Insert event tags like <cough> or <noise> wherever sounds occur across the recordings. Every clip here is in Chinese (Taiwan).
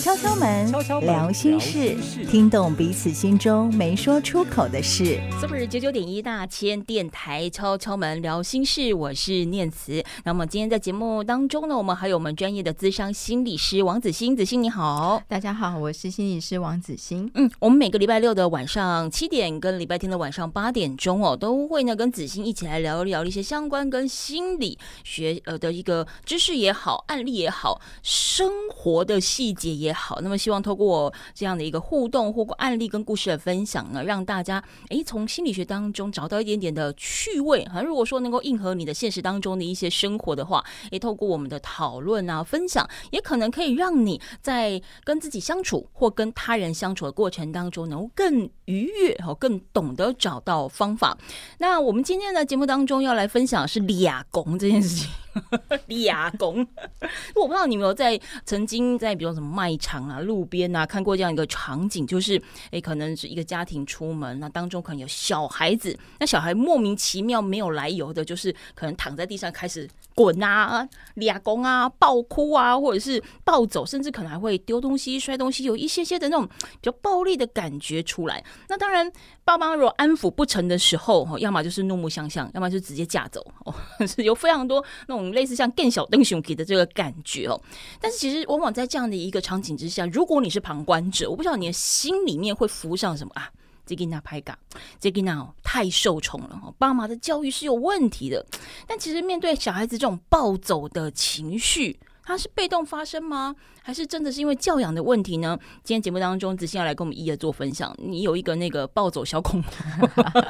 敲敲門，超超聊心事，聽懂彼此心中沒說出口的事。super 九九點一大千電台敲敲門聊心事。我是念慈。那麼今天在節目當中呢，我們還有我們專業的諮商心理師王子欣。子欣你好，大家好，我是心理師王子欣。嗯，我們每個禮拜六的晚上七點跟禮拜天的晚上八點鐘哦，都會呢跟子欣一起來聊聊一些相關跟心理學呃的一個知識也好，案例也好，生活的細節。也好，那麼希望透過這樣的一個互動，或過案例跟故事的分享呢，讓大家誒從、欸、心理學當中找到一點點的趣味。好，如果說能夠應和你的現實當中的一些生活的話，也、欸、透過我們的討論啊、分享，也可能可以讓你在跟自己相處或跟他人相處的過程當中，能夠更。愉悅，哈，更懂得找到方法。那我們今天的節目當中要來分享的是“抓狂”這件事情。倆 <laughs> 抓公，我 <laughs> 不知道你有沒有在曾經在比如說什麼賣場啊、路邊啊看過這樣一個場景，就是誒、欸，可能是一個家庭出門，那當中可能有小孩子，那小孩莫名其妙沒有來由的，就是可能躺在地上開始滾啊、抓狂啊、暴哭啊，或者是暴走，甚至可能還會丟東西、摔東西，有一些些的那種比較暴力的感覺出來。那當然，爸媽如果安撫不成的時候，要麼就是怒目相向，要麼就直接扛走哦，是有非常多那種類似像見笑轉生氣的這個感覺哦。但是其實往往在這樣的一個場景之下，如果你是旁觀者，我不知道你的心裡面會浮上什麼啊？這囡仔歹教，這囡仔太受寵了，爸媽的教育是有問題的。但其實面對小孩子這種暴走的情緒，它是被動發生嗎？還是真的是因為教養的問題呢？今天節目當中，子欣要來跟我們一兒做分享，你有一個那個暴走小恐怖 <laughs> 我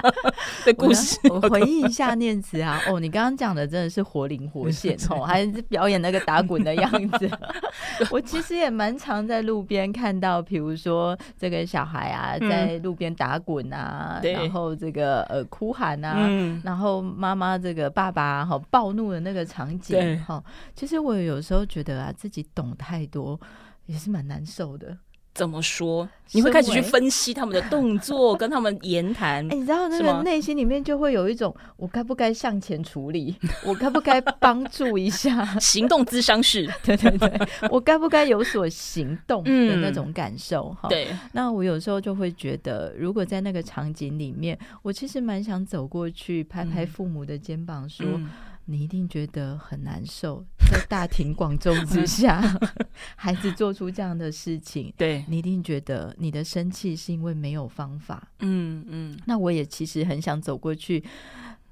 的故事， <laughs> 我回憶一下念慈啊， <laughs> 哦，你剛剛講的真的是活靈活現哦， <laughs> 還是表演那個打滾的樣子？ <laughs> 我其實也蠻常在路邊看到，比如說這個小孩啊，在路邊打滾啊，嗯、然後這個呃哭喊啊、嗯，然後媽媽這個爸爸哈、啊、暴怒的那個場景哈，其實我有時候覺得啊，自己懂太多。我也是蠻難受的。怎麼說？你會開始去分析他們的動作，跟他們言談。哎、 <laughs> 欸，你知道那個內心裡面就會有一種：我該不該向前處理？ <laughs> 我該不該幫助一下？ <laughs> 行動諮商師， <laughs> 對對對，我該不該有所行動的那種感受？哈、嗯，對。那我有時候就會覺得，如果在那個場景裡面，我其實蠻想走過去拍拍父母的肩膀，說，嗯嗯你一定覺得很難受，在大庭廣眾之下， <laughs> 孩子做出這樣的事情， <laughs> 對，你一定覺得你的生氣是因為沒有方法。嗯嗯，那我也其實很想走過去。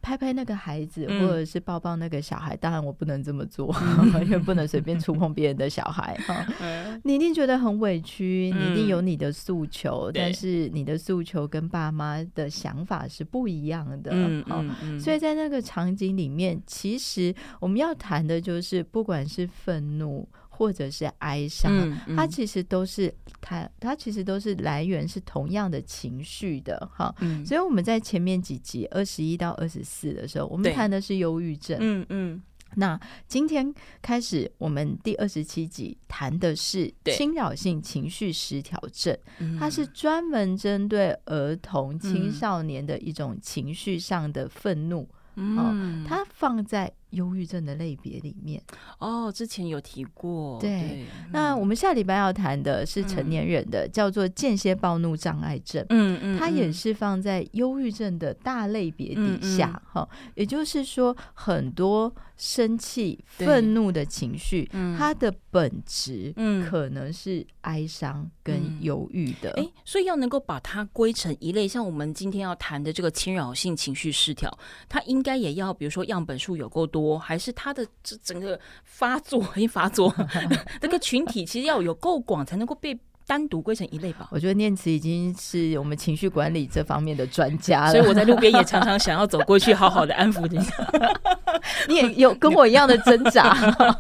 拍拍那個孩子，或者是抱抱那個小孩，嗯、當然我不能這麼做，完、嗯、全 <laughs> 不能隨便觸碰別人的小孩、嗯喔，你一定覺得很委屈，你一定有你的訴求、嗯，但是你的訴求跟爸媽的想法是不一樣的、喔嗯嗯。所以在那個場景裡面，嗯、其實我們要談的就是，不管是憤怒。或者是哀傷、嗯嗯，它其實都是它，它其實都是來源是同樣的情緒的哈、嗯。所以我們在前面幾集二十一到二十四的時候，我們談的是憂鬱症。嗯嗯。那今天開始，我們第二十七集談的是侵擾性情緒失調症，它是專門針對兒童青少年的一種情緒上的憤怒。嗯，它放在。憂鬱症的類別裡面哦，之前有提過。對，嗯、那我們下禮拜要談的是成年人的，嗯、叫做間歇暴怒障礙症。嗯嗯，嗯，它也是放在憂鬱症的大類別底下哈、嗯嗯嗯。也就是說，很多生氣、憤怒的情緒，它的本質可能是哀傷跟憂鬱的、嗯嗯嗯欸。所以要能夠把它歸成一類，像我們今天要談的這個侵擾性情緒失調，它應該也要，比如說樣本數有夠多。還是他的這整個發作一發作， <laughs> <laughs> 這個群體其實要有夠廣，才能夠被單獨歸成一類吧？我覺得念慈已經是我們情緒管理這方面的專家了， <laughs> 所以我在路邊也常常想要走過去，好好的安撫你。 <laughs> 你也有跟我一樣的掙扎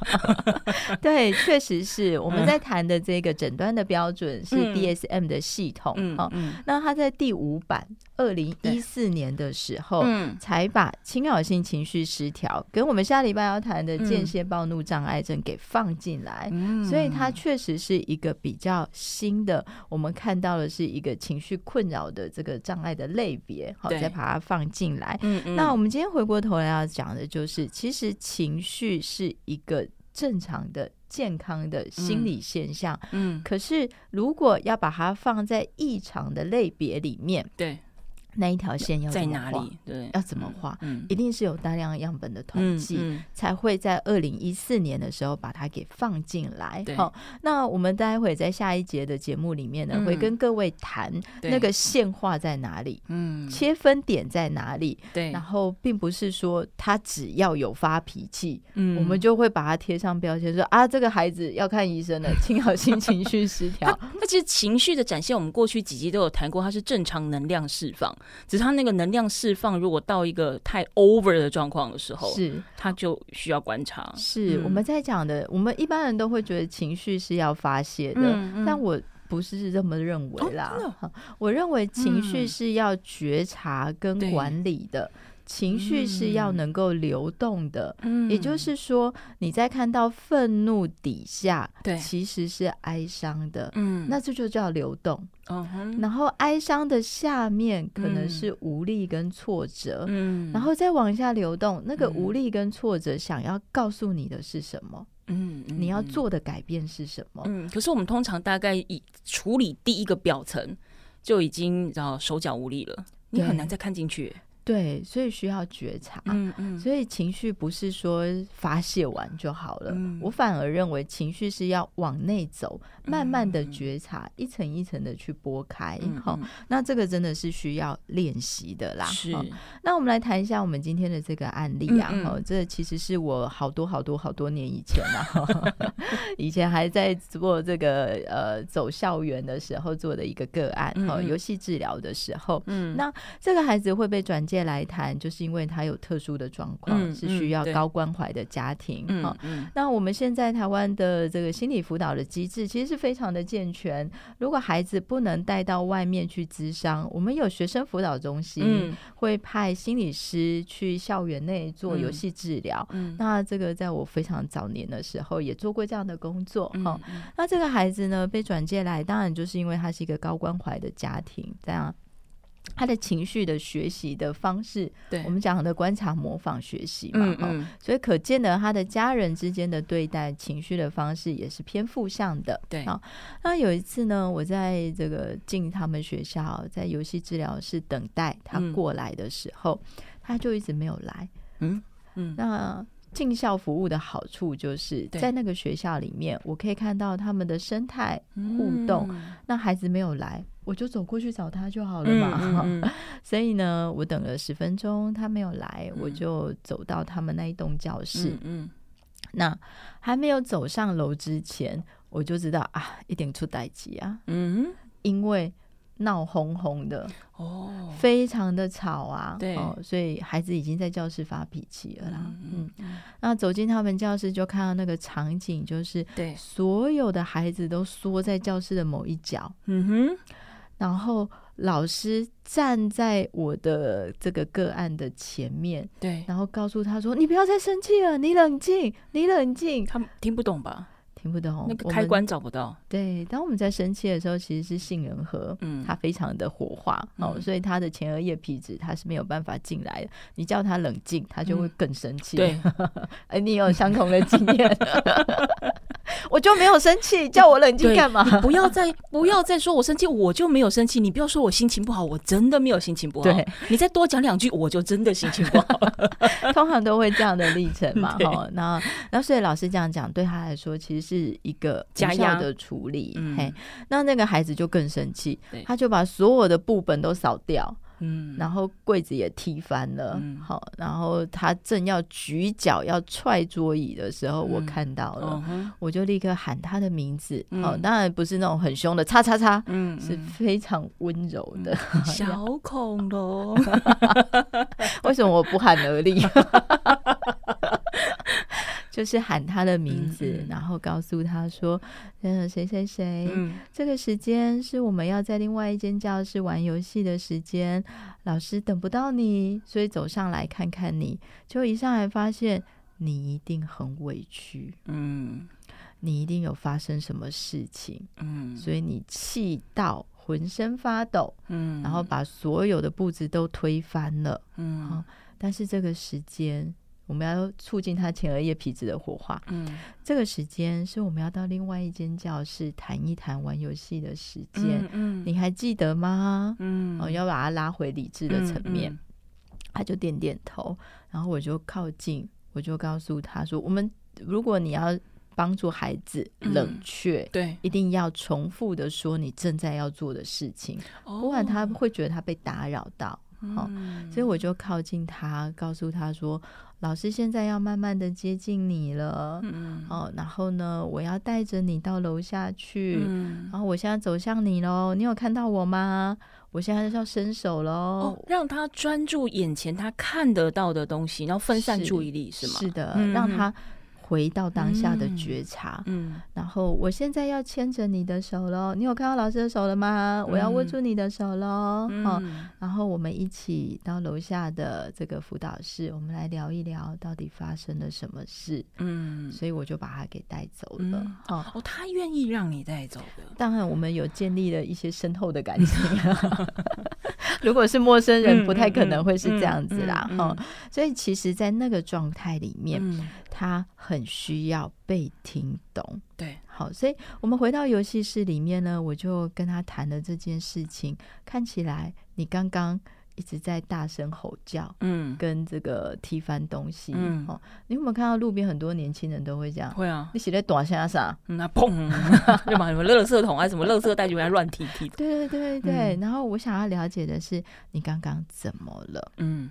<laughs> <laughs> 對，確實是我們在談的這個診斷的標準是 DSM 的系統啊、嗯哦嗯嗯。那它在第五版，二零一四年的時候，嗯，才把侵擾性情緒失調跟我們下禮拜要談的間歇暴怒障礙症給放進來、嗯，所以它確實是一個比較新的、嗯。我們看到的是一個情緒困擾的這個障礙的類別，好、哦，再把它放進來嗯。嗯，那我們今天回過頭來要講的就是。就是，其實情緒是一個正常的、健康的心理現象，嗯。嗯，可是如果要把它放在異常的類別裡面，對。那一條線要怎麼畫、在哪裡？對，要怎麼畫、嗯？一定是有大量樣本的統計、嗯嗯，才會在二零一四年的時候把它給放進來。好，那我們待會在下一節的節目裡面呢，嗯、會跟各位談那個線畫在，在哪裡，嗯，切分點在哪裡。對，然後並不是說他只要有發脾氣、嗯，我們就會把它貼上標籤說、嗯、啊，這個孩子要看醫生了，侵擾性情緒失調 <laughs> 是情緒的展現，我們過去幾集都有談過，它是正常能量釋放。只是它那個能量釋放，如果到一個太 over 的狀況的時候，是它就需要觀察。是、嗯、我們在講的，我們一般人都會覺得情緒是要發洩的、嗯嗯，但我不是這麼認為啦。哦、我認為情緒是要覺察跟管理的。嗯情緒是要能夠流動的，嗯，也就是說，你在看到憤怒底下，對，嗯，其實是哀傷的，嗯，那這就叫流動。嗯，然後哀傷的下面可能是無力跟挫折，嗯，然後再往下流動，嗯，那個無力跟挫折想要告訴你的是什麼？嗯，嗯，你要做的改變是什麼？嗯，可是我們通常大概以處理第一個表層，就已經然後手腳無力了，你很難再看進去。對，所以需要覺察，嗯嗯，所以情緒不是說發洩完就好了，嗯、我反而認為情緒是要往內走，嗯、慢慢的覺察、嗯，一層一層的去撥開，哈、嗯哦嗯，那這個真的是需要練習的啦。是、哦，那我們來談一下我們今天的這個案例啊，嗯嗯哦、這其實是我好多好多好多年以前了、啊，嗯、 <laughs> 以前還在做這個呃走校園的時候做的一個個案、嗯，哦，遊戲治療的時候，嗯，那這個孩子會被轉介來談，就是因為他有特殊的狀況，嗯嗯、是需要高關懷的家庭。哈、哦嗯嗯，那我們現在台灣的這個心理輔導的機制其實是非常的健全。如果孩子不能帶到外面去諮商，我們有學生輔導中心、嗯、會派心理師去校園內做遊戲治療、嗯嗯。那這個在我非常早年的時候也做過這樣的工作。哈、嗯嗯哦，那這個孩子呢被轉介來，當然就是因為他是一個高關懷的家庭。這樣。他的情緒的學習的方式，對。我們講的觀察模仿學習嘛，嗯嗯哦，所以可見呢，他的家人之間的對待情緒的方式也是偏負向的。對、哦、那有一次呢，我在這個進他們學校，在遊戲治療室等待他過來的時候，嗯、他就一直沒有來。嗯嗯，那。進校服務的好處就是在那個學校裡面，我可以看到他們的生態互動、嗯。那孩子沒有來，我就走過去找他就好了嘛。嗯嗯嗯、 <laughs> 所以呢，我等了十分鐘，他沒有來，我就走到他們那一棟教室。嗯嗯、那還沒有走上樓之前，我就知道啊，一定出事啊、嗯嗯。因為。鬧哄哄的哦，Oh, 非常的吵啊，對、哦，所以孩子已經在教室發脾氣了啦。嗯，嗯嗯那走進他們教室就看到那個場景，就是對所有的孩子都縮在教室的某一角，嗯哼，然後老師站在我的這個個案的前面，對，然後告訴他說：“你不要再生氣了，你冷靜，你冷靜。”他們聽不懂吧？聽不到那個開關找不到。對，當我們在生氣的時候，其實是杏仁核，它非常的活化，嗯哦、所以它的前額葉皮質它是沒有辦法進來的。你叫它冷靜，它就會更生氣、嗯。對， <laughs> 欸、你有相同的經驗。 <laughs> <laughs> <laughs> 我就沒有生氣，叫我冷靜幹嘛？你不要再不要再說我生氣， <laughs> 我就沒有生氣。你不要說我心情不好，我真的沒有心情不好。你再多講兩句，我就真的心情不好。 <laughs> 通常都會這樣的歷程嘛。哈，那那所以老師這樣講，對他來說其實是一個家藥的處理。嘿，那那個孩子就更生氣、嗯，他就把所有的簿本都掃掉。嗯，然後櫃子也踢翻了，好、嗯哦，然後他正要舉腳要踹桌椅的時候，嗯、我看到了、哦，我就立刻喊他的名字，好、嗯哦，當然不是那種很凶的叉叉叉，嗯，是非常溫柔的，嗯嗯、小恐龍， <laughs> <laughs> 為什麼我不寒而慄？ <laughs> 就是喊他的名字、嗯嗯，然後告訴他說：“誰誰誰、嗯，這個時間是我們要在另外一間教室玩遊戲的時間，老師等不到你，所以走上來看看你。”就一上來發現你一定很委屈，嗯，你一定有發生什麼事情，嗯，所以你氣到渾身發抖，嗯，然後把所有的佈置都推翻了，嗯，嗯，但是這個時間。我們要促進他前額葉皮質的活化、嗯。這個時間是我們要到另外一間教室談一談玩遊戲的時間、嗯嗯。你還記得嗎？嗯，哦、要把它拉回理智的層面、嗯嗯。他就點點頭，然後我就靠近，我就告訴他說：“我們如果你要幫助孩子冷卻，對、嗯，一定要重複的說你正在要做的事情，哦、不然他會覺得他被打擾到、哦嗯。所以我就靠近他，告訴他說。”老師現在要慢慢的接近你了，嗯，哦，然後呢，我要帶着你到樓下去，嗯，然後我現在走向你嘍，你有看到我嗎？我現在是要伸手嘍、哦，讓他專注眼前他看得到的東西，然後分散注意力是，是嗎？是的，嗯、讓他。回到當下的覺察，嗯，嗯，然後我現在要牽着你的手嘍，你有看到老師的手了嗎？嗯、我要握住你的手嘍，好、嗯，然後我們一起到樓下的這個輔導室，我們來聊一聊到底發生了什麼事。嗯，所以我就把他給帶走了。嗯、哦，哦，他願意讓你帶走的？當然，我們有建立了一些深厚的感情。 <laughs> <laughs> 如果是陌生人，嗯，不太可能會是這樣子啦，哈，嗯嗯嗯嗯嗯。所以其實，在那個狀態裡面，嗯，他很需要被聽懂。對，好，所以我們回到遊戲室裡面呢，我就跟他談了這件事情。看起來你剛剛。一直在大聲吼叫，嗯，跟這個踢翻東西，嗯，哦、喔，你有沒有看到路邊很多年輕人都會這樣？會啊，你寫在短山上，那、嗯啊、砰，就 <laughs> 把垃圾桶 <laughs> 還什麼垃圾桶啊、什麼垃圾袋就來亂踢踢踢。對對對對，嗯，然後我想要了解的是，你剛剛怎麼了？嗯，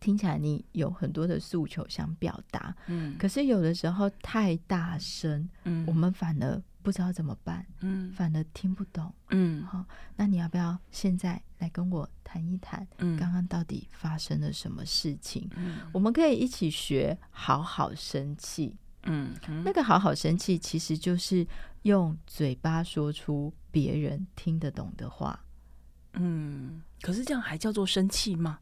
聽起來你有很多的訴求想表達，嗯，可是有的時候太大聲，嗯，我們反而。不知道怎麼辦，嗯，反而聽不懂，嗯，好，嗯，哦，那你要不要現在來跟我談一談，剛剛到底發生了什麼事情？嗯，嗯，我們可以一起學好好生氣，嗯，嗯，那個好好生氣其實就是用嘴巴說出別人聽得懂的話，嗯，可是這樣還叫做生氣嗎？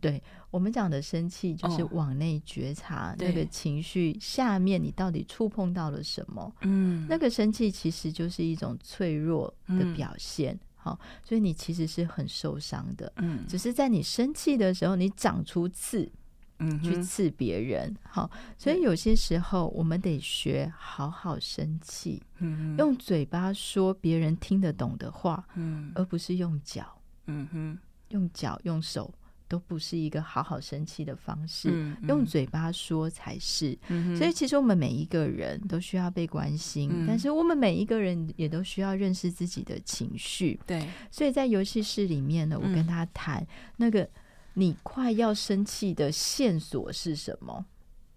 對，我們講的生氣，就是往內覺察那個情緒下面你到底觸碰到了什麼？Oh, 那個生氣其實就是一種脆弱的表現。好、mm. 哦，所以你其實是很受傷的。Mm. 只是在你生氣的時候，你長出刺，mm -hmm. 去刺別人。好、哦，所以有些時候我們得學好好生氣。Mm -hmm. 用嘴巴說別人聽得懂的話，mm -hmm. 而不是用腳。嗯哼，用腳，用手。都不是一個好好生氣的方式、嗯嗯，用嘴巴說才是、嗯。所以其實我們每一個人都需要被關心、嗯，但是我們每一個人也都需要認識自己的情緒。對、嗯，所以在遊戲室裡面呢，我跟他談那個你快要生氣的線索是什麼？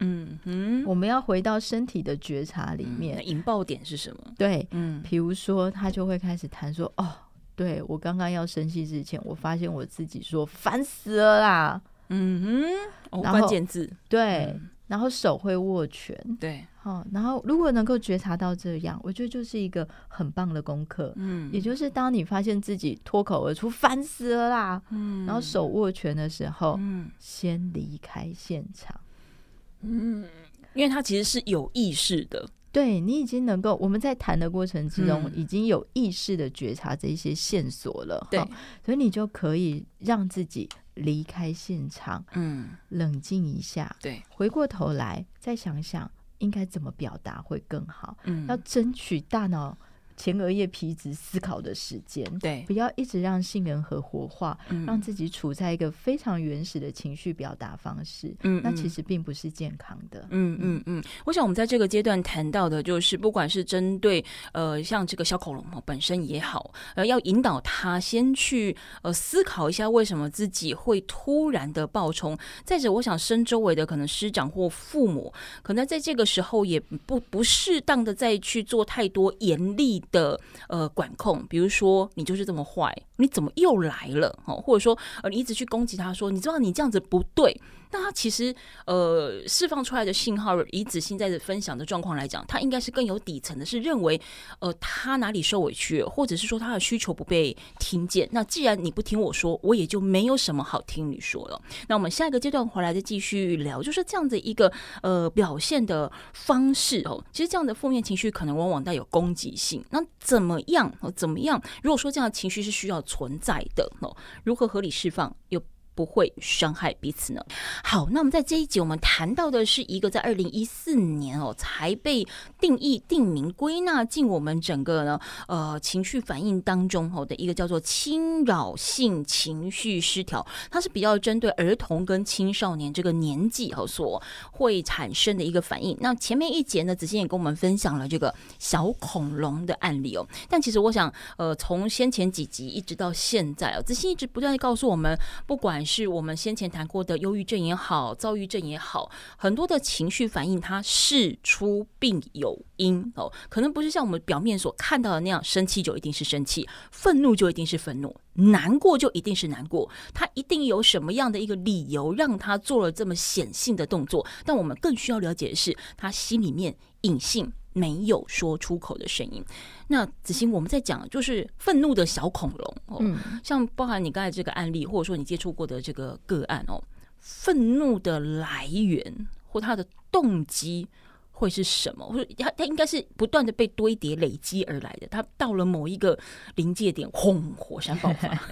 嗯哼、嗯，我們要回到身體的覺察裡面，嗯、引爆點是什麼？對，嗯，比如說他就會開始談說，哦。對，我剛剛要生氣之前，我發現我自己說煩死了啦，嗯哼，然後，哦，關鍵字對、嗯，然後手會握拳，對，哦、然後如果能夠覺察到這樣，我覺得就是一個很棒的功課、嗯，也就是當你發現自己脫口而出煩死了啦、嗯，然後手握拳的時候，嗯、先離開現場，嗯、因為他其實是有意識的。對你已經能夠，我們在談的過程之中已經有意識地覺察這些線索了，嗯哦，對，所以你就可以讓自己離開現場，嗯，冷靜一下，對，回過頭來再想想應該怎麼表達會更好，嗯，要爭取大腦。前額葉皮質思考的時間，對，不要一直讓杏仁核活化，嗯，讓自己處在一個非常原始的情緒表達方式，嗯，嗯，那其實並不是健康的，嗯嗯嗯。我想我們在這個階段談到的，就是不管是針對呃像這個小恐龍本身也好，呃，要引導他先去呃思考一下為什麼自己會突然的爆衝，再者，我想身周圍的可能師長或父母，可能在這個時候也不不適當的再去做太多嚴厲的。的呃管控，比如說，你就是這麼壞，你怎麼又來了？哦，或者說呃，你一直去攻擊他說，說你知道你這樣子不對。那他其實呃釋放出來的信號，以子欣在這分享的狀況來講，他應該是更有底層的，是認為呃他哪裡受委屈，或者是說他的需求不被聽見。那既然你不聽我說，我也就沒有什麼好聽你說了。那我們下一個階段回來再繼續聊，就是這樣的一個呃表現的方式哦，其實這樣的負面情緒可能往往帶有攻擊性。那怎麼樣？怎麼樣？如果說這樣的情緒是需要存在的哦，如何合理釋放有，不會傷害彼此呢？好，那我們在這一集我們談到的是一個在二零一四年哦才被定義、定名、歸納進我們整個呢呃情緒反應當中吼的一個叫做侵擾性情緒失調，它是比較針對兒童跟青少年這個年紀和所會產生的一個反應。那前面一節呢，子欣也跟我們分享了這個小恐龍的案例哦。但其實我想，呃，從先前幾集一直到現在哦，子欣一直不斷的告訴我們，不管是是我們先前談過的憂鬱症也好，躁鬱症也好，很多的情緒反應，它事出必有因哦，可能不是像我們表面所看到的那樣，生氣就一定是生氣，憤怒就一定是憤怒，難過就一定是難過，他一定有什麼樣的一個理由讓他做了這麼顯性的動作，但我們更需要了解的是他心裡面隱性。沒有說出口的聲音。那子欣，我們在講就是憤怒的小恐龍哦、嗯，像包含你剛才這個案例，或者說你接觸過的這個個案哦，憤怒的來源或它的動機會是什麼？或它它應該是不斷的被堆疊累積而來的，它到了某一個臨界點，轟，火山爆發。 <laughs>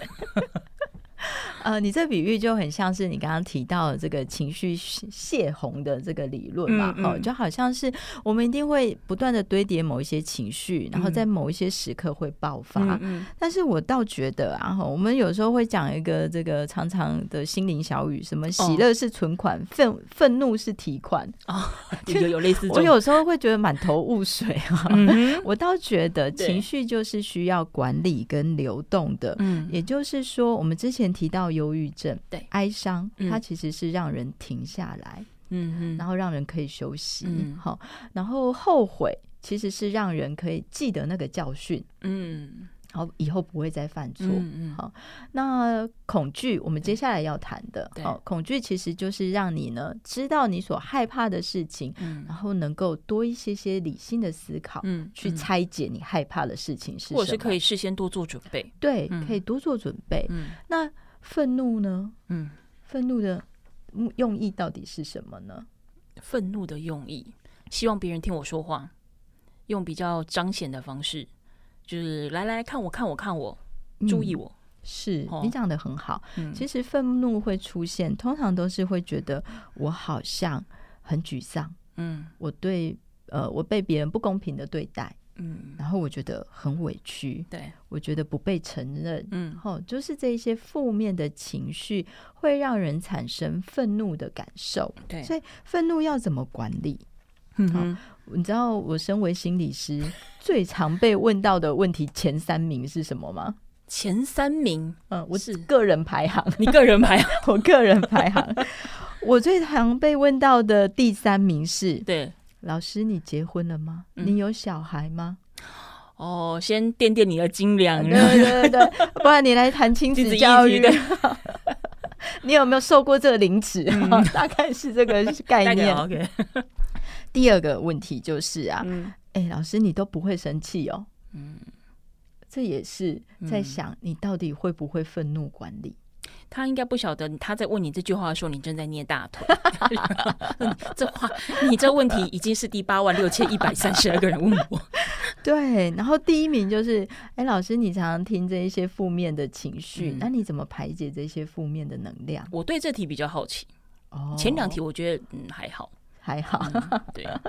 呃，你這比喻就很像是你剛剛提到的這個情緒泄洪的這個理論嘛、嗯嗯？哦，就好像是我們一定會不斷的堆疊某一些情緒，然後在某一些時刻會爆發。嗯嗯、但是我倒覺得啊，我們有時候會講一個這個常常的心靈小語，什麼喜樂是存款，憤、哦、憤怒是提款啊，哦、 <laughs> 就有類似。我有時候會覺得滿頭霧水啊。嗯嗯 <laughs> 我倒覺得情緒就是需要管理跟流動的。嗯，也就是說，我們之前。提到憂鬱症，對，哀傷，嗯，它其實是讓人停下來，嗯，然後讓人可以休息，好，嗯，然後後悔其實是讓人可以記得那個教訓，嗯。好，以後不會再犯錯。嗯，嗯好。那恐懼，我們接下來要談的，好，恐懼其實就是讓你呢知道你所害怕的事情，然後能夠多一些些理性的思考，嗯，去拆解你害怕的事情是什麼。或者是可以事先多做準備，對，嗯，可以多做準備，嗯。那憤怒呢？嗯，憤怒的用意到底是什麼呢？憤怒的用意，希望別人聽我說話，用比較彰顯的方式。就是來來看我，看我，看、嗯、我，注意我。是、哦、你講的很好。嗯、其實憤怒會出現，通常都是會覺得我好像很沮喪。嗯，我對呃，我被別人不公平的對待。嗯，然後我覺得很委屈。對，我覺得不被承認。嗯，哦、就是這一些負面的情緒會讓人產生憤怒的感受。對，所以憤怒要怎麼管理？嗯你知道我身為心理師最常被問到的問題前三名是什麼嗎？前三名，嗯，我是個人排行。 <laughs> 你個人排行，我個人排行， <laughs> 我最常被問到的第三名是：對，老師，你結婚了嗎、嗯？你有小孩嗎？哦，先掂掂你的斤兩 <laughs> 對，對對對，不然你來談親子教育。 <laughs> <laughs> 你有沒有受過這個凌遲、嗯？大概是這個概念。 <laughs> 第二個問題就是啊，哎、嗯欸，老師，你都不會生氣哦？嗯，這也是在想你到底會不會憤怒管理？嗯、他應該不曉得他在問你這句話的時候，你正在捏大腿。 <laughs> <laughs> <laughs> 這話，你這問題已經是第八萬六千一百三十二個人問我。 <laughs> 對，然後第一名就是，哎、欸，老師，你常常聽這一些負面的情緒、嗯，那你怎麼排解這些負面的能量？我對這題比較好奇。哦，前兩題我覺得嗯還好。還好 <laughs> 對、啊，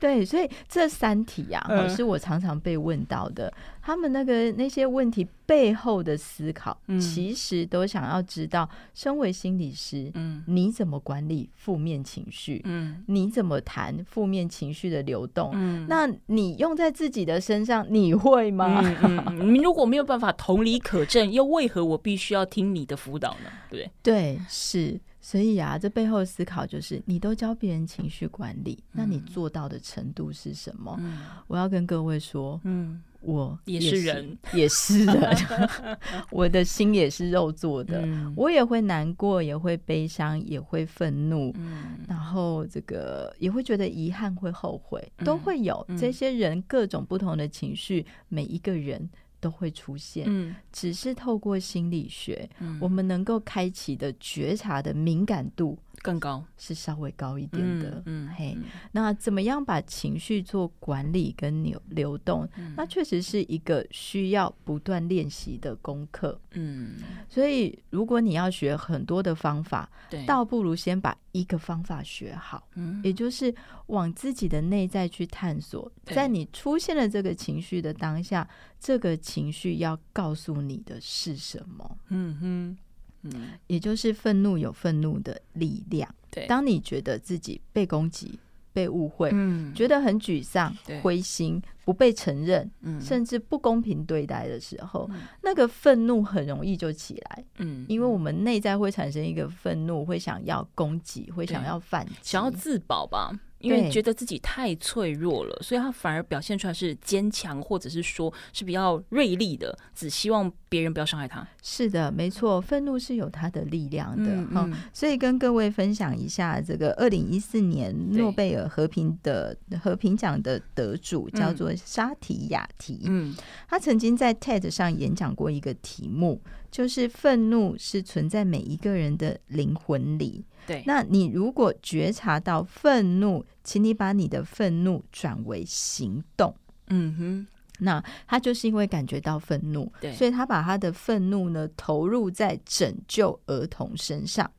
對 <laughs> 對，所以這三題呀、啊嗯，是我常常被問到的。他們那個那些問題背後的思考，其實都想要知道，身為心理師，嗯，你怎麼管理負面情緒？嗯，你怎麼談負面情緒的流動？嗯，那你用在自己的身上，你會嗎？嗯嗯、 <laughs> 如果沒有辦法同理可證，又為何我必須要聽你的輔導呢？對？對，是。所以啊，這背後思考就是，你都教別人情緒管理、嗯，那你做到的程度是什麼、嗯？我要跟各位說，嗯，我也是人，也是人， <laughs> <laughs> <laughs> 我的心也是肉做的、嗯，我也會難過，也會悲傷，也會憤怒，嗯、然後這個也會覺得遺憾，會後悔，都會有、嗯、這些人各種不同的情緒，每一個人。都會出現、嗯，只是透過心理學，嗯、我們能夠開啟的覺察的敏感度更高，是稍微高一點的，嗯，嘿、嗯 hey, 嗯，那怎麼樣把情緒做管理跟流流動？嗯、那確實是一個需要不斷練習的功課，嗯，所以如果你要學很多的方法，對，倒不如先把。一個方法學好，嗯，也就是往自己的內在去探索，在你出現了這個情緒的當下，這個情緒要告訴你的是什麼，嗯，嗯，也就是憤怒有憤怒的力量，對，當你覺得自己被攻擊。被誤會、嗯，覺得很沮喪、灰心，不被承認、嗯，甚至不公平對待的時候，嗯、那個憤怒很容易就起來，嗯，因為我們內在會產生一個憤怒，會想要攻擊，會想要反擊，想要自保吧。因為覺得自己太脆弱了，所以他反而表現出來是堅強，或者是說是比較銳利的，只希望別人不要傷害他。是的，沒錯，憤怒是有他的力量的哈、嗯。所以跟各位分享一下，這個二零一四年諾貝爾和平的和平獎的得主叫做沙提雅提。嗯，他曾經在 TED 上演講過一個題目。就是憤怒是存在每一個人的靈魂裡。對，那你如果覺察到憤怒，請你把你的憤怒轉為行動。嗯哼，那他就是因為感覺到憤怒，對，所以他把他的憤怒呢投入在拯救兒童身上。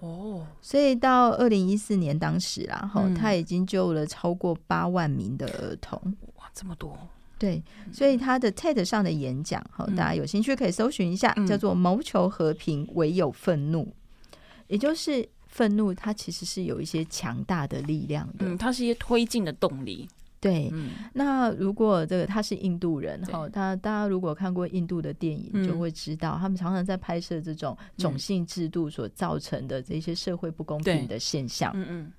哦，所以到二零一四年當時啦，嗯，他已經救了超過八萬名的兒童。哇，這麼多！對，所以他的 TED 上的演講，好，大家有興趣可以搜尋一下，嗯、叫做“謀求和平，唯有憤怒、嗯”，也就是憤怒，它其實是有一些強大的力量的，嗯、它是一些推進的動力。對、嗯，那如果這個他是印度人，哈，他大家如果看過印度的電影，就會知道，他們常常在拍攝這種種姓制度所造成的這些社會不公平的現象，嗯，嗯。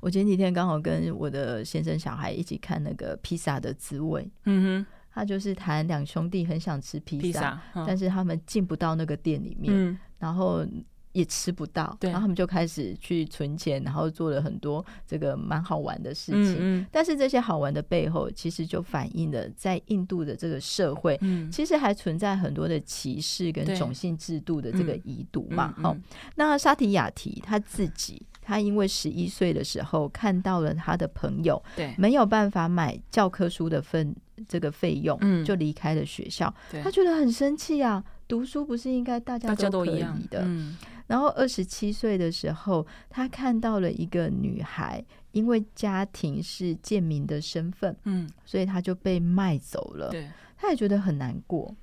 我前幾天剛好跟我的先生小孩，一起看那個披薩的滋味，嗯哼，他就是談兩兄弟很想吃披薩，嗯，但是他們進不到那個店裡面，嗯、然後也吃不到對，然後他們就開始去存錢，然後做了很多這個蠻好玩的事情嗯嗯，但是這些好玩的背後，其實就反映了在印度的這個社會，嗯，其實還存在很多的歧視跟種姓制度的這個遺毒嘛。好、嗯，那沙提雅提他自己、嗯。他因為十一歲的時候看到了他的朋友，沒有辦法買教科書的份，這個費用、嗯，就離開了學校。他覺得很生氣啊，讀書不是應該大家都可以的。嗯、然後二十七歲的時候，他看到了一個女孩，因為家庭是賤民的身份、嗯，所以他就被賣走了。他也覺得很難過。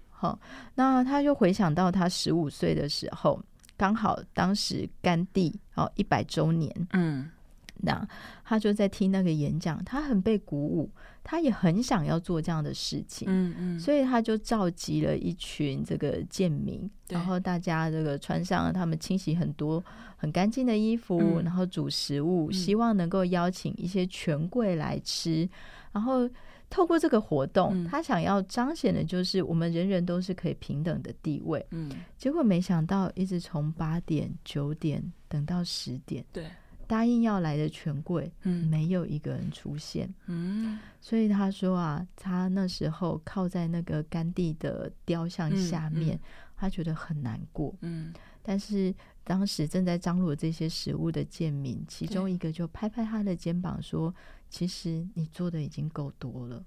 那他就回想到他十五歲的時候。剛好當時甘地哦一百周年，嗯，那他就在聽那個演講，他很被鼓舞，他也很想要做這樣的事情，嗯嗯，所以他就召集了一群這個賤民，然後大家這個穿上了他們清洗很多很乾淨的衣服，嗯，然後煮食物，嗯，希望能夠邀請一些權貴來吃，然後。透過這個活動，嗯，他想要彰顯的就是我們人人都是可以平等的地位。嗯，結果沒想到一直從八點、九點等到十點，對，答應要來的權貴，嗯，沒有一個人出現。嗯，所以他說啊，他那時候靠在那個甘地的雕像下面，嗯嗯，他覺得很難過。嗯，但是當時正在張羅這些食物的賤民，其中一個就拍拍他的肩膀說。其實你做的已經夠多了，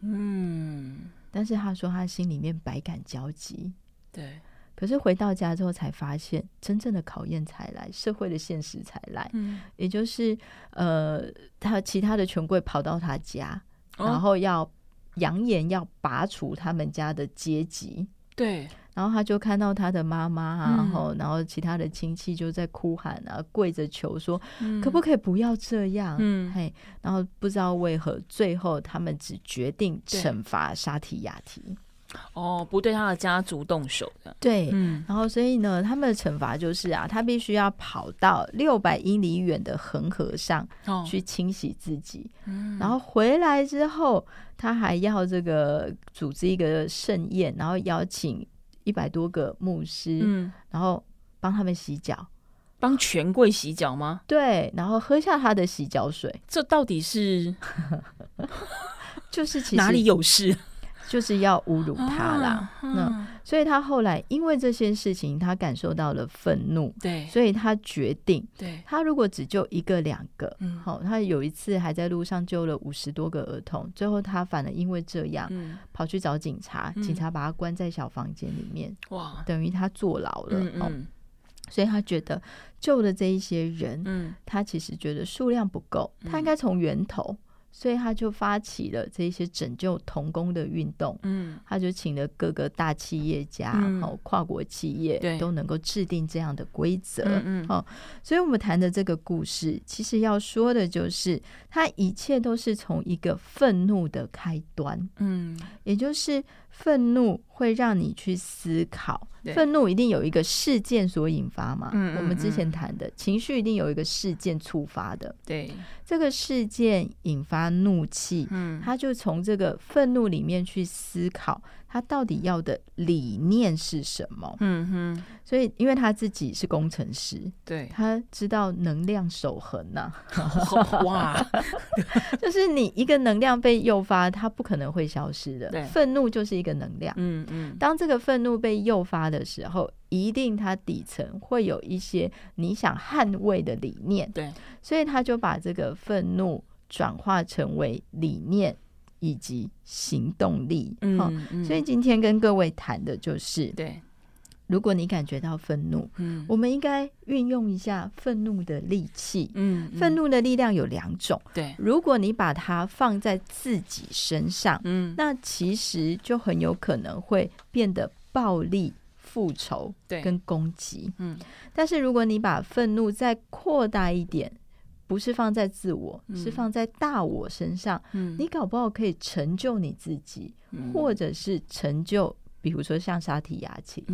嗯。但是他說他心裡面百感交集，對。可是回到家之後才發現，真正的考驗才來，社會的現實才來，嗯。也就是，呃，他其他的權貴跑到他家，哦，然後要揚言要拔除他們家的階級，對。然後他就看到他的媽媽、啊，然、嗯、後然後其他的親戚就在哭喊啊，跪着求說，嗯、可不可以不要這樣、嗯？嘿，然後不知道為何，最後他們只決定懲罰沙提亞提，哦，不對他的家族動手的。對、嗯，然後所以呢，他們的懲罰就是啊，他必須要跑到六百英里遠的恆河上去清洗自己、哦嗯，然後回來之後，他還要這個組織一個盛宴，然後邀請。一百多個牧師，嗯，然後幫他們洗腳，幫權貴洗腳嗎？對，然後喝下他的洗腳水，這到底是， <laughs> 就是其實哪裡有事？ <laughs> 就是要侮辱他啦，啊啊、那所以他後來因為這些事情，他感受到了憤怒，對，所以他決定，對，他如果只救一個兩個，好、嗯哦，他有一次還在路上救了五十多個兒童，最後他反而因為這樣、嗯、跑去找警察、嗯，警察把他關在小房間裡面，哇，等於他坐牢了，嗯嗯哦、所以他覺得救的這一些人、嗯，他其實覺得數量不夠，嗯、他應該從源頭。所以他就發起了這些拯救童工的運動，嗯，他就請了各個大企業家、嗯、哦，跨國企業，都能夠制定這樣的規則，嗯，嗯、哦，所以我們談的這個故事，其實要說的就是，他一切都是從一個憤怒的開端，嗯，也就是。憤怒會讓你去思考，憤怒一定有一個事件所引發嘛？嗯嗯嗯。我們之前談的情緒一定有一個事件觸發的，對，這個事件引發怒氣，他、嗯、就從這個憤怒裡面去思考。他到底要的理念是什麼？嗯哼，所以因為他自己是工程師，對，他知道能量守恆呢、啊。哇， <laughs> <laughs> 就是你一個能量被誘發，他不可能會消失的。憤怒就是一個能量。嗯嗯，當這個憤怒被誘發的時候，嗯嗯，一定他底層會有一些你想捍衛的理念。對，所以他就把這個憤怒轉化成為理念。以及行動力嗯，嗯，所以今天跟各位談的就是，對，如果你感覺到憤怒，嗯，我們應該運用一下憤怒的力氣，嗯，憤怒的力量有兩種，對，如果你把它放在自己身上，嗯，那其實就很有可能會變得暴力、復仇、跟攻擊，嗯，但是如果你把憤怒再擴大一點。不是放在自我，是放在大我身上。嗯，你搞不好可以成就你自己，嗯，或者是成就，比如說像沙提雅奇，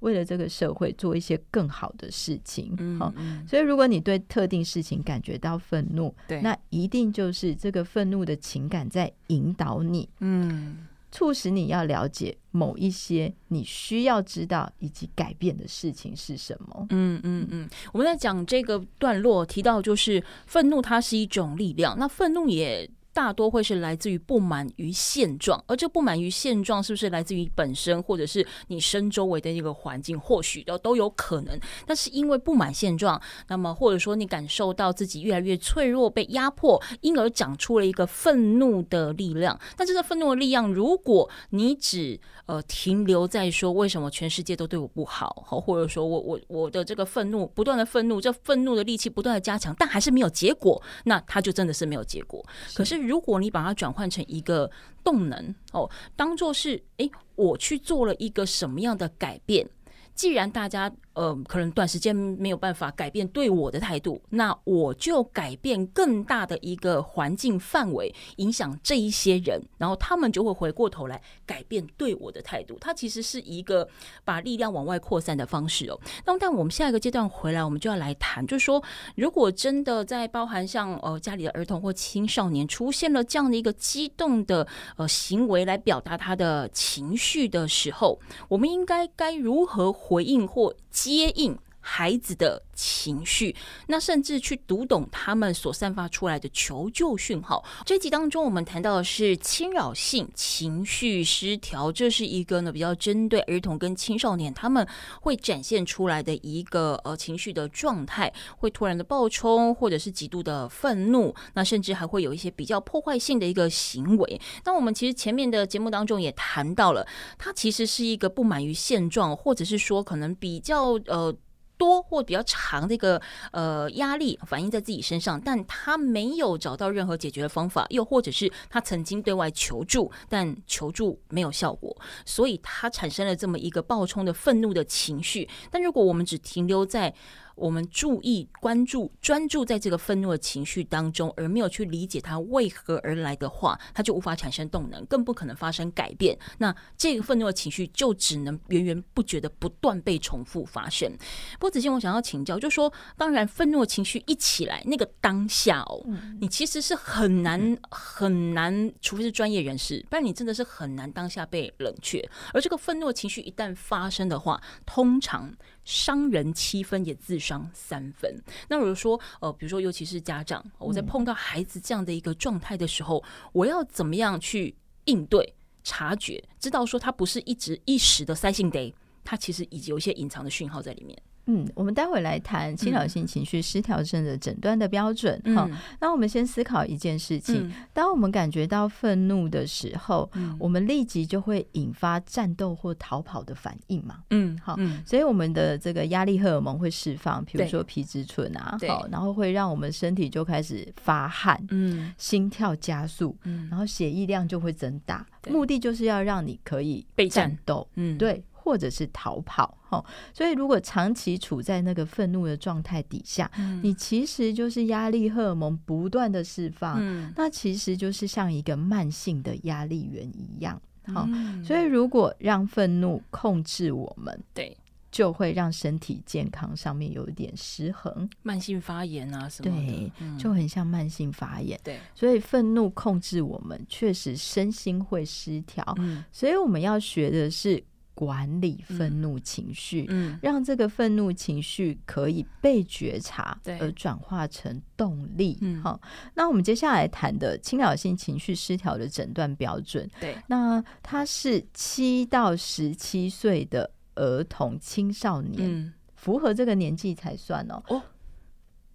為了這個社會做一些更好的事情，好，嗯，哦。所以，如果你對特定事情感覺到憤怒，那一定就是這個憤怒的情感在引導你，嗯。促使你要了解某一些你需要知道以及改變的事情是什麼？嗯嗯嗯，我們在講這個段落提到，就是憤怒它是一種力量，那憤怒也。大多會是來自於不滿於現狀，而這不滿於現狀是不是來自於本身，或者是你身周圍的一個環境，或許都都有可能。但是因為不滿現狀，那麼或者說你感受到自己越來越脆弱被壓迫，因而長出了一個憤怒的力量。但是這個憤怒的力量，如果你只呃停留在說為什麼全世界都對我不好，或者說我我我的這個憤怒不斷的憤怒，這憤怒的力氣不斷的加強，但還是沒有結果，那它就真的是沒有結果。是可是。如果你把它轉換成一個動能哦，當做是誒、欸，我去做了一個什麼樣的改變，既然大家。呃，可能短時間沒有辦法改變對我的態度，那我就改變更大的一個環境範圍，影響這一些人，然後他們就會回過頭來改變對我的態度。它其實是一個把力量往外擴散的方式哦。那但我們下一個階段回來，我們就要來談，就是說，如果真的在包含像呃家裡的兒童或青少年出現了這樣的一個激動的呃行為來表達他的情緒的時候，我們應該該如何回應或？接應。孩子的情緒，那甚至去讀懂他們所散發出來的求救訊號。這一集當中，我們談到的是侵擾性情緒失調，這是一個呢比較針對兒童跟青少年他們會展現出來的一個呃情緒的狀態，會突然的暴衝，或者是極度的憤怒，那甚至還會有一些比較破壞性的一個行為。那我們其實前面的節目當中也談到了，它其實是一個不滿於現狀，或者是說可能比較呃。多或比較長的一個呃壓力反映在自己身上，但他沒有找到任何解決的方法，又或者是他曾經對外求助，但求助沒有效果，所以他產生了這麼一個暴衝的憤怒的情緒。但如果我們只停留在我們注意、關注、專注在這個憤怒的情緒當中，而沒有去理解它為何而來的話，它就無法產生動能，更不可能發生改變。那這個憤怒的情緒就只能源源不絕的不斷被重複發生。不過子欣，我想要請教，就是說，當然憤怒的情緒一起來，那個當下哦，你其實是很難很難，除非是專業人士，不然你真的是很難當下被冷卻。而這個憤怒的情緒一旦發生的話，通常。傷人七分也自傷三分。那比如說，呃，比如說，尤其是家長，我在碰到孩子這樣的一個狀態的時候，嗯，我要怎麼樣去應對、察覺、知道說他不是一直一時的塞性 day，他其實已經有一些隱藏的訊號在裡面。嗯，我們待會來談侵擾性情緒失調症的診斷的標準好、嗯哦，那我們先思考一件事情：嗯、當我們感覺到憤怒的時候、嗯，我們立即就會引發戰鬥或逃跑的反應嘛？嗯，好、哦嗯，所以我們的這個壓力荷爾蒙會釋放，比如說皮質醇啊，好、嗯，然後會讓我們身體就開始發汗，嗯，心跳加速，嗯、然後血液量就會增大，嗯、目的就是要讓你可以戰被戰鬥，嗯，對。或者是逃跑、哦，所以如果長期處在那個憤怒的狀態底下、嗯，你其實就是壓力荷爾蒙不斷的釋放、嗯，那其實就是像一個慢性的壓力源一樣，好、哦嗯，所以如果讓憤怒控制我們、嗯，對，就會讓身體健康上面有一點失衡，慢性發炎啊什麼的，對嗯、就很像慢性發炎，對，所以憤怒控制我們確實身心會失調、嗯，所以我們要學的是。管理憤怒情緒、嗯嗯，讓這個憤怒情緒可以被覺察，而轉化成動力、嗯。哈，那我們接下來談的侵擾性情緒失調的診斷標準，對，那它是七到十七歲的兒童青少年、嗯，符合這個年紀才算哦。哦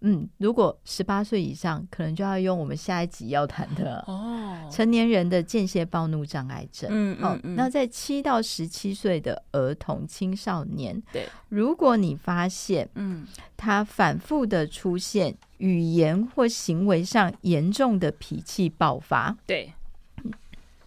嗯，如果十八歲以上，可能就要用我們下一集要談的哦，成年人的間歇暴怒障礙症。嗯，嗯，嗯，哦，那在七到十七歲的兒童青少年，對，如果你發現，嗯，他反覆的出現語言或行為上嚴重的脾氣爆發，對，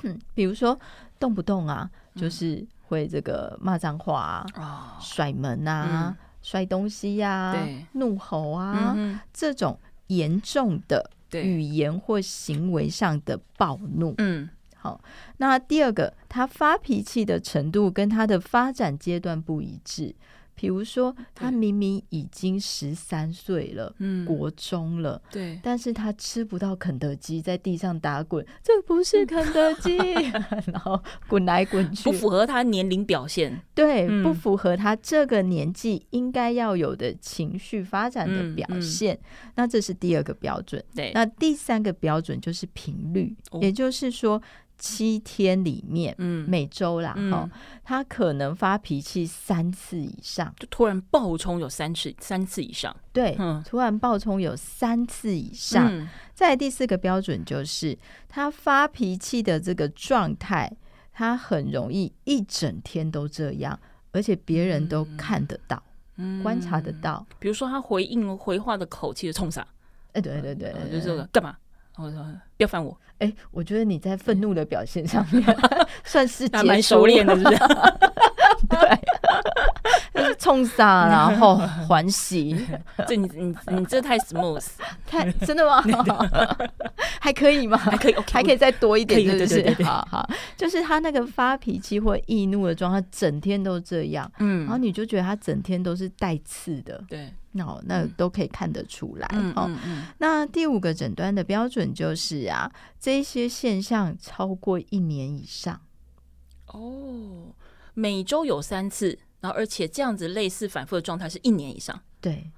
嗯，比如說動不動啊，就是會這個罵髒話啊，哦，甩門啊。嗯。摔東西呀、啊，怒吼啊，嗯、這種嚴重的語言或行為上的暴怒。嗯，好，那第二個，他發脾氣的程度跟他的發展階段不一致。比如說，他明明已經十三歲了，嗯，國中了、嗯，對，但是他吃不到肯德基，在地上打滾，這不是肯德基，嗯、 <laughs> <laughs> 然後滾來滾去，不符合他年齡表現，對、嗯，不符合他這個年紀應該要有的情緒發展的表現、嗯嗯，那這是第二個標準，對，那第三個標準就是頻率、哦，也就是說。七天裡面，嗯、每周啦，哈、嗯，他可能發脾氣三次以上，就突然暴衝有三次，三次以上，對，嗯、突然暴衝有三次以上。嗯、再第四個標準就是，他發脾氣的這個狀態，他很容易一整天都這樣，而且別人都看得到，嗯、觀察得到、嗯。比如說，他回應回話的口氣就衝啥，哎、欸，對對對，就是這個幹嘛？我說不要煩我。哎，我覺得你在憤怒的表現上面 <laughs> 算是蠻熟練的，是不是 <laughs> 對，衝煞然後歡喜， <laughs> <laughs> 就你你你這太 smooth，太真的嗎， <laughs> <laughs> 嗎？還可以嗎？可以，還可以再多一點，就是，是不是對對對對對，好，好，就是他那個發脾氣或易怒的狀態，整天都這樣。嗯，然後你就覺得他整天都是帶刺的。對。那、no, 那都可以看得出來、嗯、哦、嗯嗯嗯。那第五個診斷的標準就是啊，這些現象超過一年以上，哦，每周有三次，然後而且這樣子類似反覆的狀態是一年以上，對。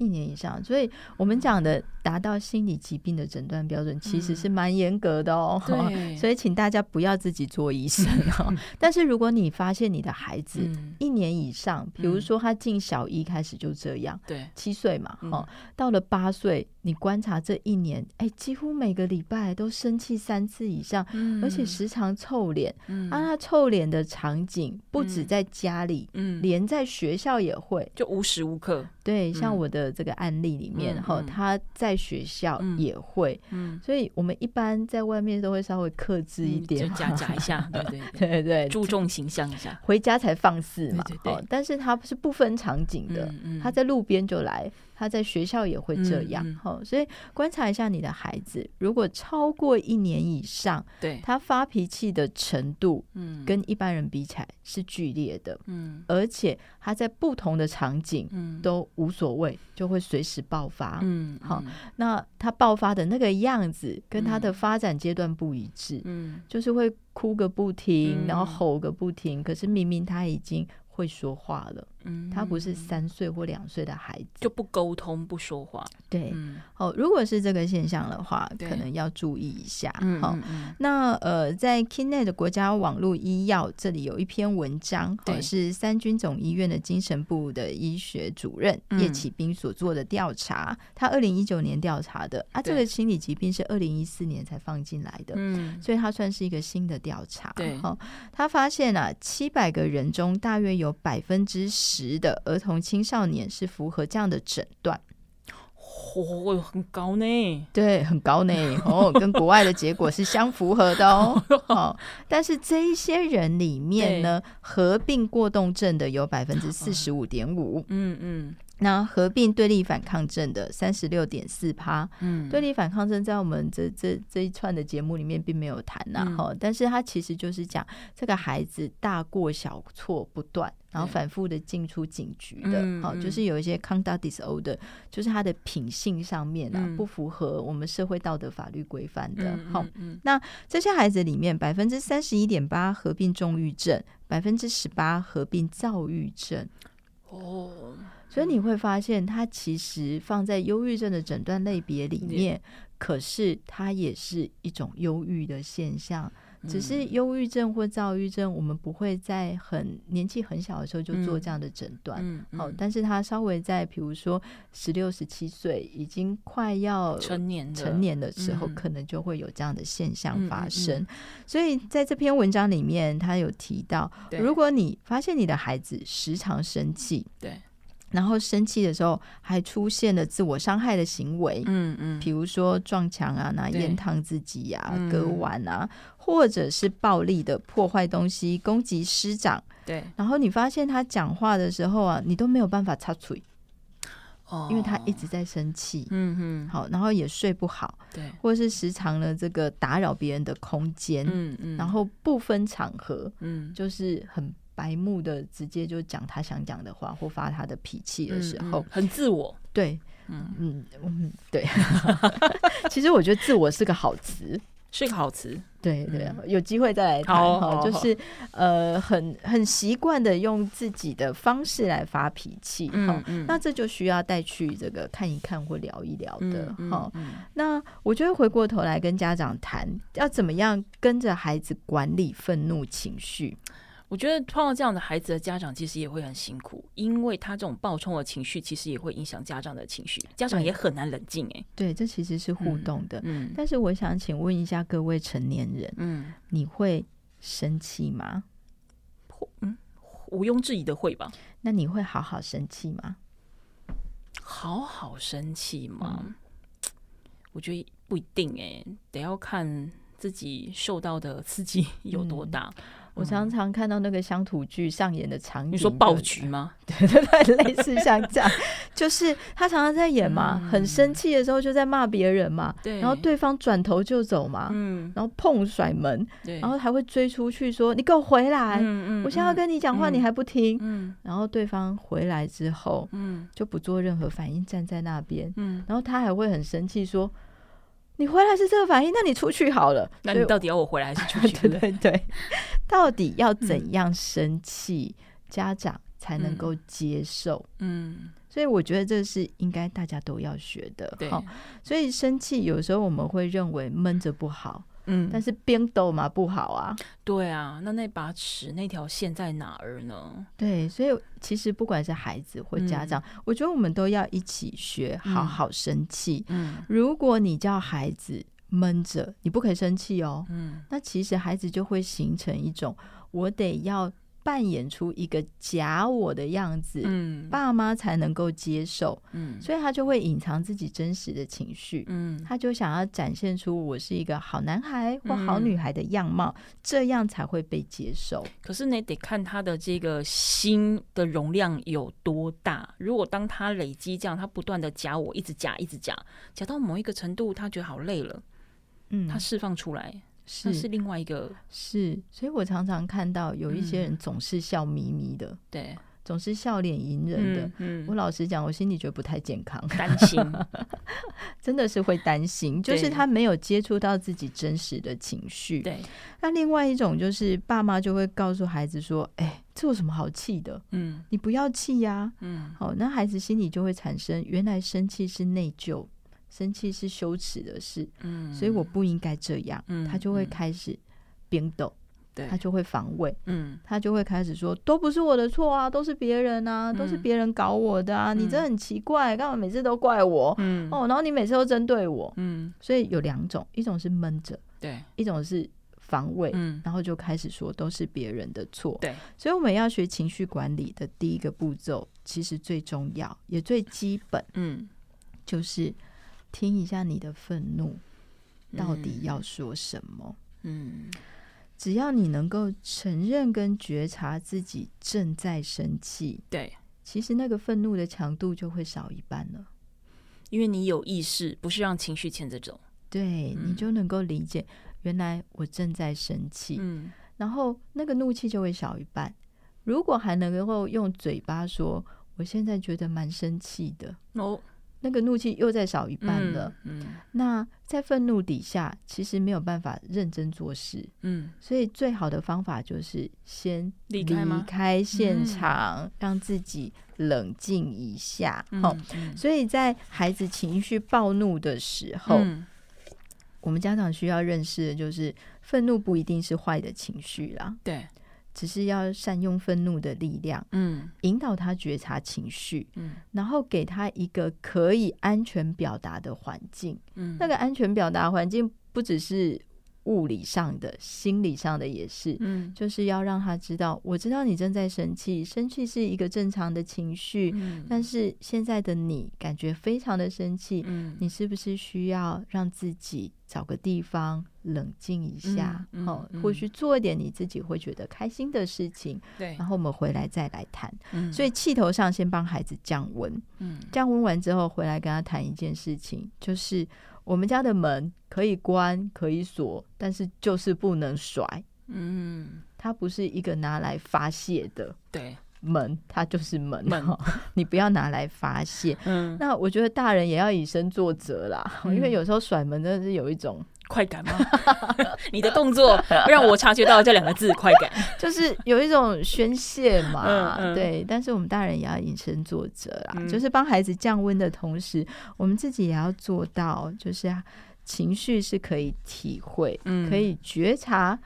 一年以上，所以我們講的達到心理疾病的診斷標準，其實是蠻嚴格的哦、嗯、對。所以請大家不要自己做醫生哦、嗯。但是如果你發現你的孩子一年以上，嗯、比如說他進小一開始就這樣，對、嗯，七歲嘛，哈、嗯，到了八歲。你觀察這一年，哎，幾乎每個禮拜都生氣三次以上，嗯、而且時常臭臉、嗯。啊，他臭臉的場景不止在家裡、嗯，連在學校也會，就無時無刻。對，嗯、像我的這個案例裡面，哈、嗯，他、哦、在學校也會，嗯，所以我們一般在外面都會稍微克制一點、嗯，就假假一下，對 <laughs> 對對對，注重形象一下，回家才放肆嘛，對，對，對、哦、但是他是不分場景的，他、嗯、在路邊就來。他在學校也會這樣、嗯嗯哦，所以觀察一下你的孩子，如果超過一年以上，嗯、他發脾氣的程度，跟一般人比起來是劇烈的、嗯，而且他在不同的場景，都無所謂、嗯，就會隨時爆發，好、嗯嗯哦，那他爆發的那個樣子跟他的發展階段不一致、嗯，就是會哭個不停，然後吼個不停，嗯、可是明明他已經會說話了。嗯，他不是三歲或兩歲的孩子，就不溝通、不說話。對、嗯，哦，如果是這個現象的話，可能要注意一下。好、嗯，那呃，在 Kinet 的國家網絡醫藥這裡有一篇文章，是三軍總醫院的精神部的醫學主任葉啟斌所做的調查。他二零一九年調查的，啊，這個心理疾病是二零一四年才放進來的，嗯，所以他算是一個新的調查。對，他發現啊，七百個人中大約有百分之十。十的兒童青少年是符合這樣的診斷，嚯、哦，很高呢，對，很高呢！ <laughs> 哦，跟國外的結果是相符合的哦。 <laughs> 哦，但是這一些人裡面呢，合併過動症的有百分之四十五點五，嗯嗯。那合併對立反抗症的三十六點四趴，嗯，對立反抗症在我們這這這一串的節目裡面並沒有談吶、啊，哈、嗯，但是它其實就是講這個孩子大過小錯不斷，嗯、然後反覆的進出警局的，好、嗯，就是有一些 conduct d i s o d e 就是他的品性上面啊、嗯、不符合我們社會道德法律規範的，好、嗯嗯嗯，那這些孩子裡面百分之三十一點八合併重鬱症，百分之十八合併躁鬱症。哦，所以你會發現，它其實放在憂鬱症的診斷類別裡面，可是它也是一種憂鬱的現象。只是憂鬱症或躁鬱症，我們不會在很年紀很小的時候就做這樣的診斷。嗯嗯嗯。哦，但是他稍微在，比如說十六、十七歲，已經快要成年的成年的時候，可能就會有這樣的現象發生。嗯嗯嗯嗯。所以在這篇文章裡面，他有提到，如果你發現你的孩子時常生氣，對，然後生氣的時候還出現了自我傷害的行為，嗯嗯，比如說撞牆啊、拿煙燙自己呀、割腕啊。或者是暴力的破壞東西，攻擊師長。對，然後你發現他講話的時候啊，你都沒有辦法插嘴，哦，因為他一直在生氣。嗯哼、嗯，好，然後也睡不好。對，或者是時常的這個打擾別人的空間。嗯嗯，然後不分場合，嗯，就是很白目的直接就講他想講的話，或發他的脾氣的時候，嗯嗯、很自我。對，嗯嗯嗯，對。 <laughs> 其實我覺得“自我”是個好詞。是一個好詞，對對，對、嗯，有機會再來談、哦、就是呃，很很習慣的用自己的方式來發脾氣，嗯、哦、嗯那這就需要帶去這個看一看或聊一聊的，好、嗯哦嗯，那我覺得回過頭來跟家長談，要怎麼樣跟着孩子管理憤怒情緒。我覺得碰到這樣的孩子的家長，其實也會很辛苦，因為他這種暴衝的情緒，其實也會影響家長的情緒，家長也很難冷靜、欸。哎，對，這其實是互動的嗯。嗯，但是我想請問一下各位成年人，嗯，你會生氣嗎？嗯，毋庸置疑的會吧。那你會好好生氣嗎？好好生氣嗎？嗯、我覺得不一定、欸，哎，得要看自己受到的刺激有多大。嗯我常常看到那個鄉土劇上演的場景、嗯，你說爆菊嗎？對對對，類似像這樣 <laughs> 就是他常常在演嘛，嗯、很生氣的時候就在罵別人嘛，對、嗯，然後對方轉頭就走嘛、嗯，然後碰甩門，對，然後還會追出去說你給我回來，我、嗯、現、嗯、我想要跟你講話，你還不聽、嗯嗯，然後對方回來之後，嗯、就不做任何反應，站在那邊、嗯，然後他還會很生氣說。你回來是這個反應，那你出去好了。那你到底要我回來還是出去？啊、對對對，到底要怎樣生氣，嗯、家長才能夠接受嗯？嗯，所以我覺得這是應該大家都要學的。好、哦，所以生氣有時候我們會認為悶着不好。嗯嗯，但是邊斗嘛不好啊。對啊，那那把尺那條線在哪兒呢？對，所以其實不管是孩子或家長，嗯，我覺得我們都要一起學好好生氣。嗯，如果你叫孩子悶着，你不可以生氣哦。嗯，那其實孩子就會形成一種我得要。扮演出一個假我的樣子，嗯，爸媽才能夠接受，嗯，所以他就會隱藏自己真實的情緒，嗯，他就想要展現出我是一個好男孩或好女孩的樣貌，嗯，這樣才會被接受。可是你得看他的這個心的容量有多大。如果當他累積這樣，他不斷的假我，一直假，一直假，假到某一個程度，他覺得好累了，嗯，他釋放出來。是，那是另外一個，是，所以我常常看到有一些人總是笑眯眯的，對、嗯，總是笑臉迎人的，我老實講，我心裡覺得不太健康，擔心， <laughs> 真的是會擔心，就是他沒有接觸到自己真實的情緒，對。那另外一種就是，爸媽就會告訴孩子說：“哎、欸，這有什麼好氣的？嗯，你不要氣呀、啊，嗯。哦”好，那孩子心裡就會產生，原來生氣是內疚。生氣是羞恥的事，嗯，所以我不應該這樣，嗯嗯，他就會開始病毒，辯鬥，他就會防衛，嗯，他就會開始說，都不是我的錯啊，都是別人啊，嗯、都是別人搞我的啊，嗯，你這很奇怪，幹嘛每次都怪我，嗯，哦，然後你每次都針對我，嗯，所以有兩種，一種是悶着，對，一種是防衛，嗯，然後就開始說，都是別人的錯，對，所以我們要學情緒管理的第一個步驟，其實最重要也最基本，嗯，就是。聽一下你的憤怒，到底要說什麼？嗯，嗯，只要你能夠承認跟覺察自己正在生氣，對，其實那個憤怒的強度就會少一半了，因為你有意識，不是讓情緒牽着走。對，嗯，你就能夠理解，原來我正在生氣，嗯。然後那個怒氣就會少一半。如果還能夠用嘴巴說，我現在覺得蠻生氣的。哦。那個怒氣又再少一半了。嗯嗯、那在憤怒底下，其實沒有辦法認真做事。嗯、所以最好的方法就是先離開現場開、嗯，讓自己冷靜一下、嗯嗯。所以在孩子情緒暴怒的時候、嗯，我們家長需要認識的，就是憤怒不一定是壞的情緒啦。對。只是要善用憤怒的力量，嗯，引導他覺察情緒，嗯，然後給他一個可以安全表達的環境，嗯，那個安全表達環境不只是物理上的，心理上的也是，嗯，就是要讓他知道，我知道你正在生氣，生氣是一個正常的情緒，嗯，但是現在的你感覺非常的生氣，嗯，你是不是需要讓自己找個地方冷靜一下，哦、嗯嗯，或許做一點你自己會覺得開心的事情，對、嗯嗯，然後我們回來再來談。所以氣頭上先幫孩子降溫，嗯，降溫完之後回來跟他談一件事情，就是我們家的門可以關、可以鎖，但是就是不能甩，嗯，它不是一個拿來發洩的，對。門，它就是門、哦、你不要拿來發洩、 <laughs> 嗯。那我覺得大人也要以身作則啦、嗯，因為有時候甩門真的是有一種快感嘛。 <laughs> <laughs> 你的動作讓我察覺到這兩個字： <laughs> 快感，就是有一種宣洩嘛、嗯嗯。對，但是我們大人也要以身作則啦、嗯，就是幫孩子降溫的同時，我們自己也要做到，就是、啊、情緒是可以體會，嗯、可以覺察。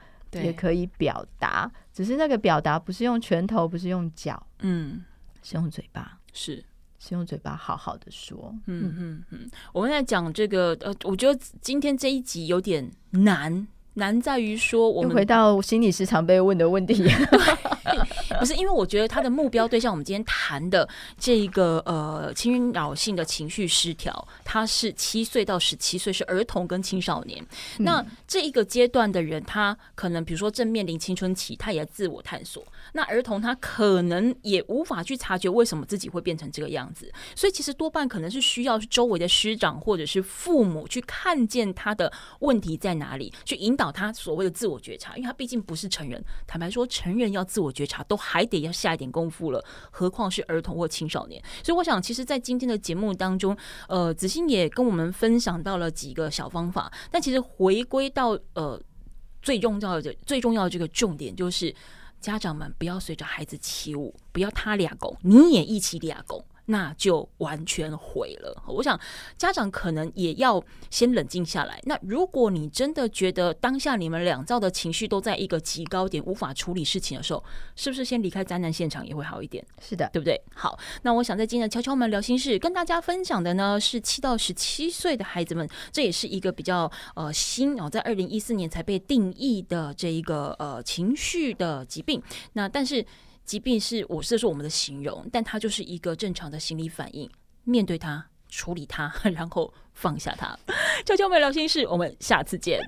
也可以表達，只是那個表達不是用拳頭，不是用腳，嗯，是用嘴巴，是是用嘴巴好好的說，嗯嗯嗯。我們在講這個，呃，我覺得今天這一集有點難。難難在於說，我們回到心理時常被問的問題 <laughs> ，不是因為我覺得他的目標對象，我們今天談的這一個呃，侵擾性的情緒失調，他是七歲到十七歲，是兒童跟青少年。嗯、那這一個階段的人，他可能比如說正面臨青春期，他也在自我探索。那兒童他可能也無法去察覺為什麼自己會變成這個樣子，所以其實多半可能是需要周圍的師長或者是父母去看見他的問題在哪裡，去引導。他所謂的自我覺察，因為他畢竟不是成人。坦白說，成人要自我覺察都還得要下一點功夫了，何況是兒童或青少年？所以，我想，其實，在今天的節目當中，呃，子欣也跟我們分享到了幾個小方法。但其實回，回歸到呃最重要的最重要的這個重點，就是家長們不要隨着孩子起舞，不要他倆拱，你也一起倆拱。那就完全毀了。我想家長可能也要先冷靜下來。那如果你真的覺得當下你們兩造的情緒都在一個極高點，無法處理事情的時候，是不是先離開災難現場也會好一點？是的，對不對？好，那我想在今天的敲敲門聊心事，跟大家分享的呢，是七到十七歲的孩子們，這也是一個比較呃新哦，在二零一四年才被定義的這一個呃情緒的疾病。那但是。即便是我，這是我們的形容，但它就是一個正常的心理反應。面對它，處理它，然後放下它，就是我們聊心室。我們下次見。